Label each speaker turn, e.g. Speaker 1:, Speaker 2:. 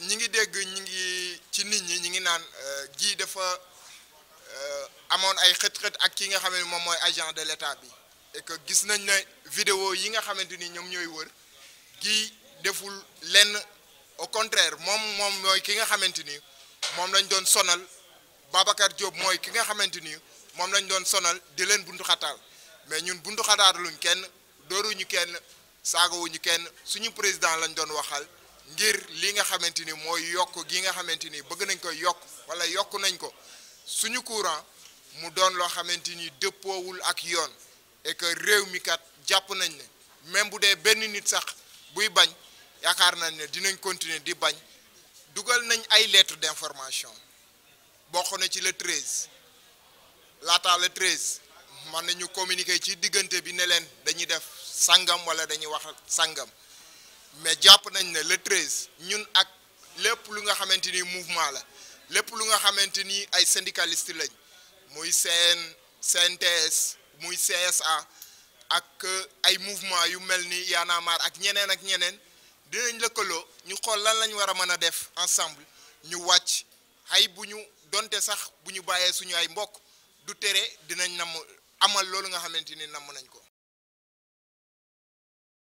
Speaker 1: ñi ngi dégg ñi ngi ci nit ñi ñi ngi naan euh, ji dafa euh, amoon ay xët-xët ak ki nga xam ne moom mooy agent de l'état bi et que gis nañ ne video yi nga xamante ni ñoom ñooy wër gi deful lenn au contraire moom moom mooy ki nga xamante ni moom lañ doon sonal Babacar Diop mooy ki nga xamante ni moom lañ doon sonal di leen buntu xataal mais ñun buntu xataal luñ kenn dooruñu kenn saagawuñu kenn suñu président lañ doon waxal ngir li nga xamante ni mooy yokk gi nga xamante ni bëgg nañ ko yokk wala yokk nañ ko suñu courant mu doon loo xamante ni dëppoowul ak yoon et que réew mi kat jàpp nañ ne même bu dee benn nit sax buy bañ yaakaar nañ ne dinañ continuer di bañ dugal nañ ay lettre d'information bokk na ci le 13 laataa le 13 mën nañu communiquer ci diggante bi ne leen dañuy def sangam wala dañuy wax sàngam mais jàpp nañ ne le treize ñun ak lépp lu nga xamante ni mouvement la lépp lu nga xamante ni ay syndicaliste lañ muy CN CNTS muy CSA ak euh, ay mouvement yu mel ni Y ak ñeneen ak ñeneen dinañ lëkkaloo ñu xool lan lañ war a mën a def ensemble ñu wàcc ay bu ñu donte sax bu ñu bàyyee suñu ay mbokk du tere dinañ nam amal loolu nga xamante ni namm nañ ko